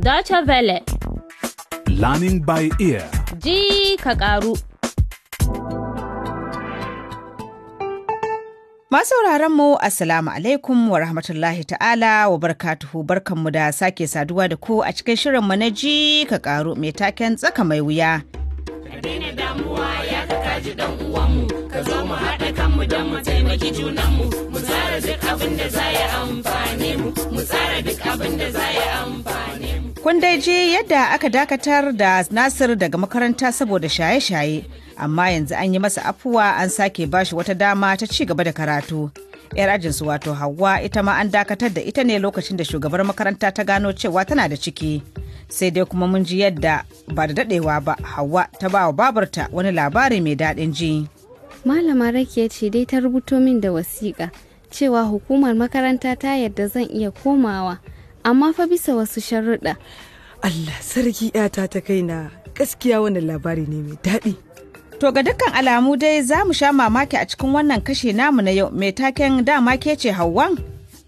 Dacha Vele. Learning by ear. Ji ka ƙaru. Masauraran mu Assalamu alaikum wa rahmatullahi ta'ala wa barkatuhu barkanmu da sake saduwa da ku a cikin shirin mu na ji ka karu mai taken tsaka mai wuya. Ka damuwa ya dan uwanmu ka zo mu haɗa kanmu mu taimaki mu tsara duk abin da za ya amfane mu mu tsara duk abin da za ya amfane mu. Kun dai je yadda aka dakatar da Nasir daga makaranta saboda shaye-shaye, amma yanzu an yi masa afuwa an sake bashi wata dama ta ci gaba da karatu. 'Yar ajinsu wato Hauwa ita ma an dakatar da ita ne lokacin da shugabar makaranta ta gano cewa tana da ciki. Sai dai kuma mun ji yadda ba da daɗewa ba Hauwa ta ba wa babarta wani labari mai daɗin ji. Malama Rakiya ce dai ta rubuto min da wasiƙa cewa hukumar makaranta ta yarda zan iya komawa. amma fa bisa wasu sharuɗa. Allah sarki ‘yata ta kaina gaskiya wannan labari ne mai daɗi. To ga dukkan alamu dai za mu sha mamaki a cikin wannan kashe namu na yau mai taken dama ke ce hawan.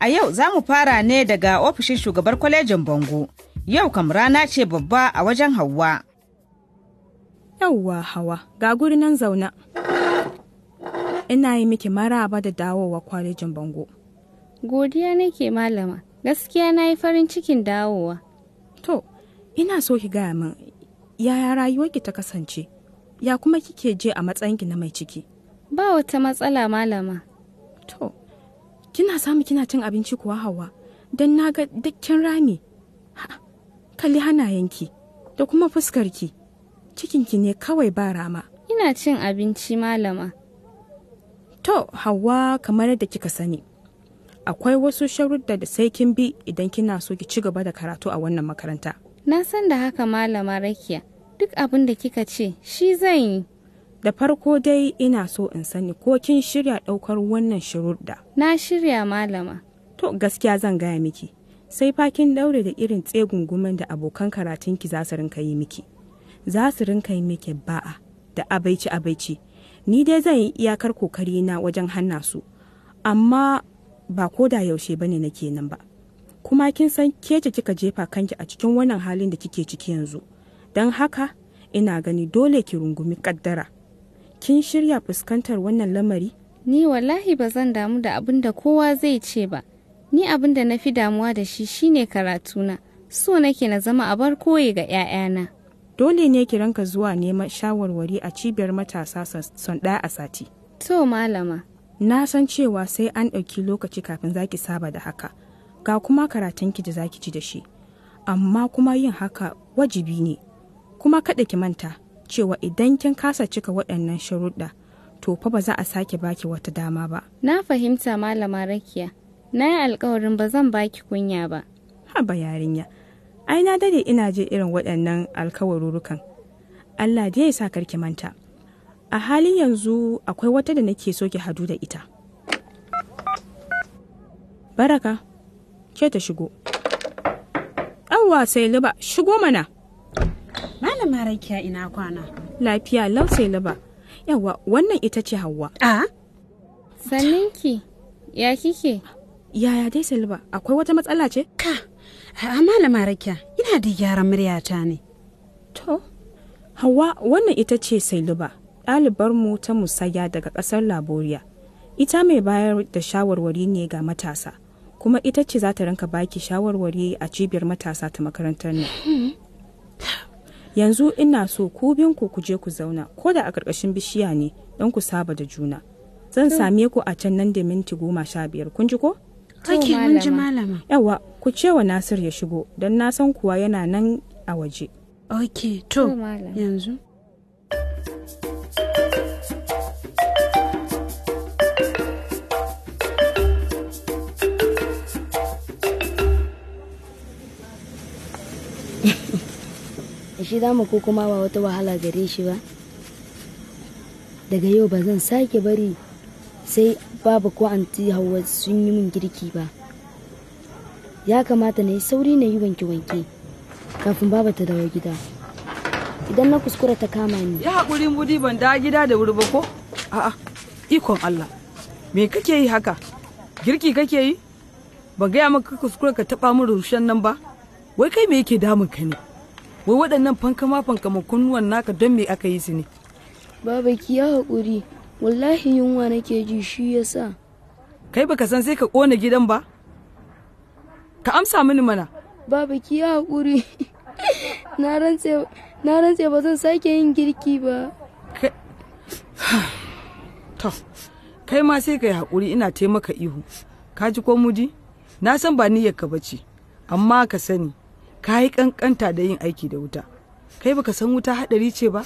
A yau za mu fara ne daga ofishin shugabar kwalejin Bango. Yau kam rana ce babba a wajen Hauwa. Yauwa Hawa, ga guri nan zauna. Ina yi miki maraba da dawowa kwalejin Bango. Godiya nake malama. Gaskiya na yi farin cikin dawowa. To, ina so ki gaya min yaya ki ta kasance, ya kuma kike je a matsayinki na mai ciki. Ba wata matsala malama. To, kina samu kina cin abinci kuwa hawa, don na ga dukkan rami. Ha, kalli hannayenki da kuma fuskar fuskarki, cikinki ne kawai ba rama. Ina cin abinci malama. To, hawa kamar da kika sani. akwai wasu sharuɗa da sai kin bi idan kina so ki ci gaba da karatu a wannan makaranta. Na san da haka malama rakiya duk abin da kika ce shi zan yi. Da farko dai ina so in sani ko kin shirya ɗaukar wannan sharuɗa. Na shirya malama. To gaskiya zan gaya miki sai fa kin daure da irin tsegungumen da abokan karatunki za su rinka yi miki. Za su rinka yi miki ba'a da abaici abaici. Ni dai zan yi iyakar kokari na wajen hana su. Amma ba ko da yaushe ne na kenan ba kuma kin san kece kika jefa kanki a cikin wannan halin da kike ciki yanzu don haka ina gani dole ki rungumi kaddara kin shirya fuskantar wannan lamari ni wallahi ba zan damu da abin da kowa zai ce ba ni abin da na fi damuwa da shi shine karatuna so nake na zama a bar koyi ga 'ya'yana dole ne ki ranka zuwa neman shawarwari a cibiyar matasa son ɗaya a sati to malama na san cewa sai an ɗauki lokaci kafin zaki saba da haka ga kuma karatunki da zaki ci da shi amma kuma yin haka wajibi ne kuma kada ki manta cewa idan kin kasa cika waɗannan sharuɗa to fa ba za a sake baki wata dama ba na fahimta malama rakiya na yi alkawarin ba zan baki kunya ba haba yarinya ai na dade ina je irin waɗannan alkawarurukan Allah da ya sa karki manta a halin yanzu akwai wata da nake so ki hadu da ita baraka ke ta shigo awwa sai liba shigo mana malama rakiya ina kwana lafiya lau sai liba Yawa wannan ita ce hawa a sanninki ya kike yaya dai sai liba akwai wata matsala ce ka a malama rakiya ina da gyaran muryata ne to hawa wannan ita ce sai liba ɗalibar mu ta musaya daga ƙasar laboriya ita mai bayar da shawarwari ne ga matasa kuma ita ce za ta rinka baki shawarwari a cibiyar matasa ta makarantar nan yanzu ina so ku binku ku je ku zauna ko da a ƙarƙashin bishiya ne don ku saba da juna zan same ku a can nan da minti goma sha biyar kun ji ko kake mun ji malama yawa ku ce wa nasir ya shigo don na san kuwa yana nan a waje ok to yanzu shi mu ko kuma ba wata wahala gare shi ba daga yau ba zan sake bari sai babu ko anti hawa sun yi min girki ba ya kamata na yi sauri na yi wanke-wanke kafin baba ta dawo gida idan na kuskura ta kama ni ya haƙuri mudi ban da gida da wuri ba ko a'a ikon Allah me kake yi haka girki kake yi ba gaya maka kuskura ka taɓa min rushen nan ba wai kai me yake damun ka ne wai waɗannan fankama fankama kunnuwan naka don me aka yi su ne baba ki ya haƙuri wallahi yunwa nake ji shi ya sa. kai baka san sai ka ƙona gidan ba ka amsa mini mana baba ki ya haƙuri na rantse ba zan sake yin girki ba kai ma sai ka yi haƙuri ina taimaka ihu ka ji ko mudi na san ba niyyar ka bace amma ka sani ka yi kankanta da yin aiki da wuta kai baka san wuta hadari ce ba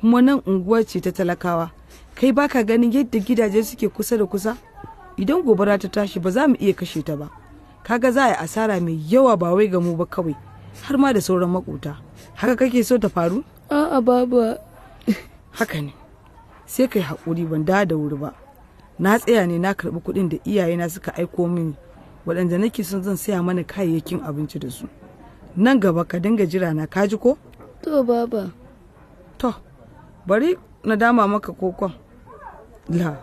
kuma nan unguwa ce ta talakawa kai baka ganin yadda gidaje suke kusa da kusa idan gobara ta tashi ba za mu iya kashe ta ba kaga za a yi asara mai yawa ba wai ga mu ba kawai har ma da sauran makota haka kake so ta faru a'a baba haka ne sai kai hakuri ban da da wuri ba na tsaya ne na karɓi kuɗin da iyayena suka aiko mini waɗanda nake son zan saya mana kayayyakin abinci da su nan gaba ka dinga jira na kaji ko to baba to bari na dama maka kokon la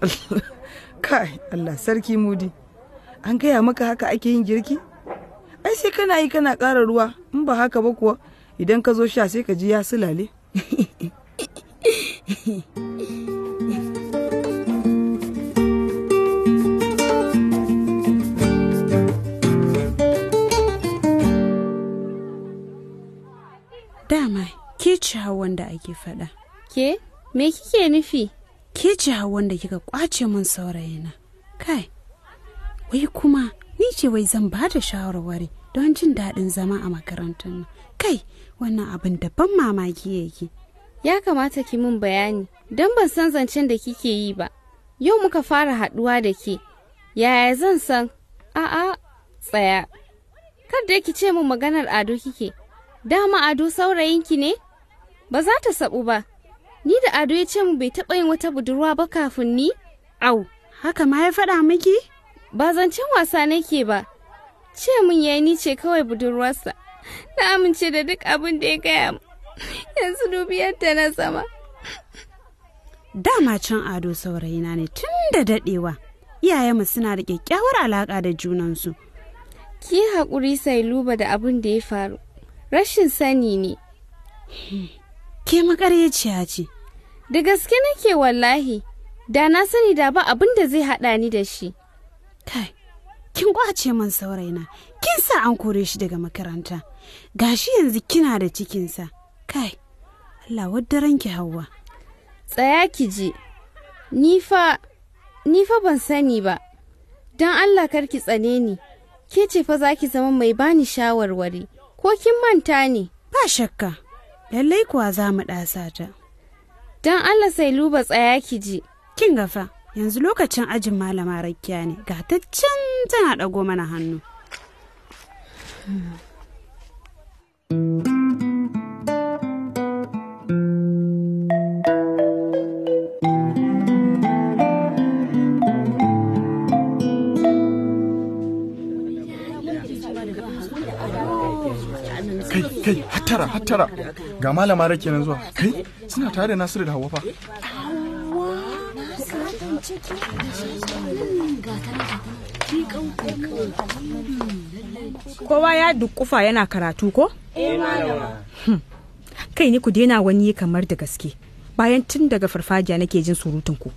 kai Allah sarki mudi an gaya maka haka ake yin girki ai sai kana yi kana ƙara ruwa in ba haka ba kuwa idan ka zo sha sai ka ji ya sulale dama ke ci hawan da ake faɗa. Ke? Me kike nufi? Ke ci hawan da kika kwace min saurayina. Kai, wai kuma ni ce wai zan ba da shawarwari don jin daɗin zama a makarantar Kai, wannan abin da ban mamaki yake. Ya kamata ki min bayani, don ban san zancen da kike yi ba. Yau muka fara haɗuwa da ke. Yaya zan san? A'a, tsaya. da ki ce min maganar ado kike. dama ado saurayinki ne ba za ta sabu ba ni da ado ya ce mu bai taɓa yin wata budurwa ba kafin ni au haka ma ya faɗa miki ba zancen wasa nake ba ce mun yayi ni ce kawai budurwarsa na amince da duk abin da ya gaya yanzu yanzu yadda na sama dama can ado saurayina ne tun da daɗewa iyayenmu suna da kyakkyawar alaƙa da junansu ki haƙuri sai luba da abin da ya faru rashin sani ne. Ke makaryaciya ce. Da gaske nake wallahi, da na sani da ba abin da zai haɗa ni da shi. Kai, kin kwace man saurayina, kin sa an kore shi daga makaranta. Gashi yanzu kina da cikinsa. Kai, Allah wadda ranki hawa. Tsaya ki ji, ni fa, ban sani ba, don Allah karki tsane ni, ke ce fa za ki zama mai bani shawarwari. ko kin manta ne? Ba shakka, lallai kuwa za mu ɗasa ta. Don Allah sai luba tsaya ki ji. Kin gafa, yanzu lokacin ajin malama rakiya ne, ga ta can tana ɗago mana hannu. Hmm. har tara ga malama rake nan zuwa kai suna tare da nasiru da hawa fa kowa ya dukkufa yana karatu ko? Eh, hmm. kai ni ku daina wani kamar da gaske bayan tun daga farfajiya nake jin surutun ku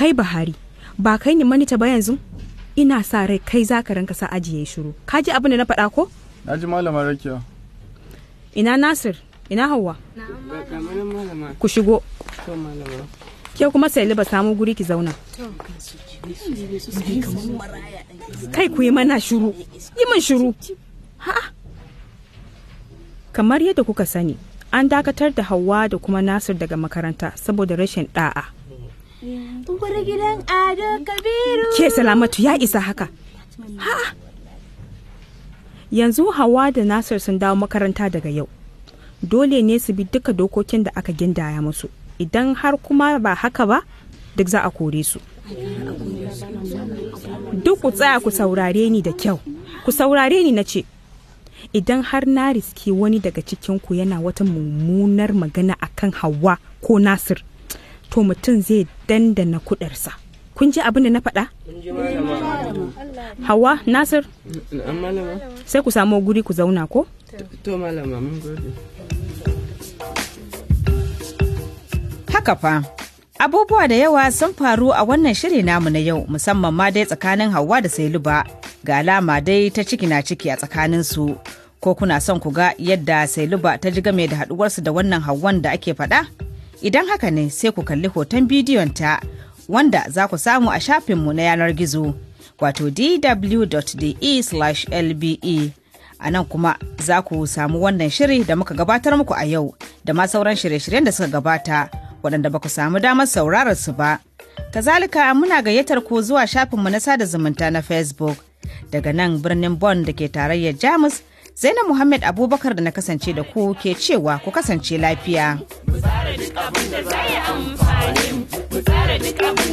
kai bahari ba kai ne manita ba yanzu ina sa rai kai za ka ranka sa ajiye shiru ka ji abin da na faɗa ko na ji malama rakiya ina nasir ina Hauwa? ku shigo ke kuma sai ba samu guri ki zauna kai ku yi mana shiru yi min shiru ha kamar yadda kuka sani an dakatar da Hauwa da kuma nasir daga makaranta saboda rashin ɗa'a. da'a ke salamatu ya isa haka ha yanzu hawa da nasir sun dawo makaranta daga yau dole ne su bi duka dokokin da aka gindaya musu idan har kuma ba haka ba duk za a kore su duk ku tsaya ku saurare ni da kyau ku saurare ni na ce idan har na riske wani daga cikinku yana wata mummunar magana akan hawa ko nasir to mutum zai dandana kudarsa. kun ji abin da na faɗa? Hawa Nasir? Sai ku samu guri ku zauna ko? To malama mun Haka fa, abubuwa da yawa sun faru a wannan shiri namu na yau musamman ma dai tsakanin Hawa da Sailuba ga alama dai ta ciki na ciki a tsakanin su Ko kuna son ku ga yadda Sailuba ta ji game da haɗuwarsu da wannan Hawan da ake faɗa? Idan haka ne sai ku kalli hoton bidiyon ta wanda za ku samu a shafinmu na yanar gizo wato dw.de/lbe e. a nan kuma za ku samu wannan shiri da muka gabatar muku a yau da ma sauran shirye-shiryen da suka gabata waɗanda ba ku samu damar sauraron su ba. Kazalika muna gayyatar ku zuwa shafinmu na sada zumunta na Facebook daga nan birnin Bonn da ke tarayyar Jamus Zainab Muhammad Abubakar da na kasance da ku ke cewa ku kasance lafiya. fara am abin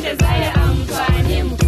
da za ya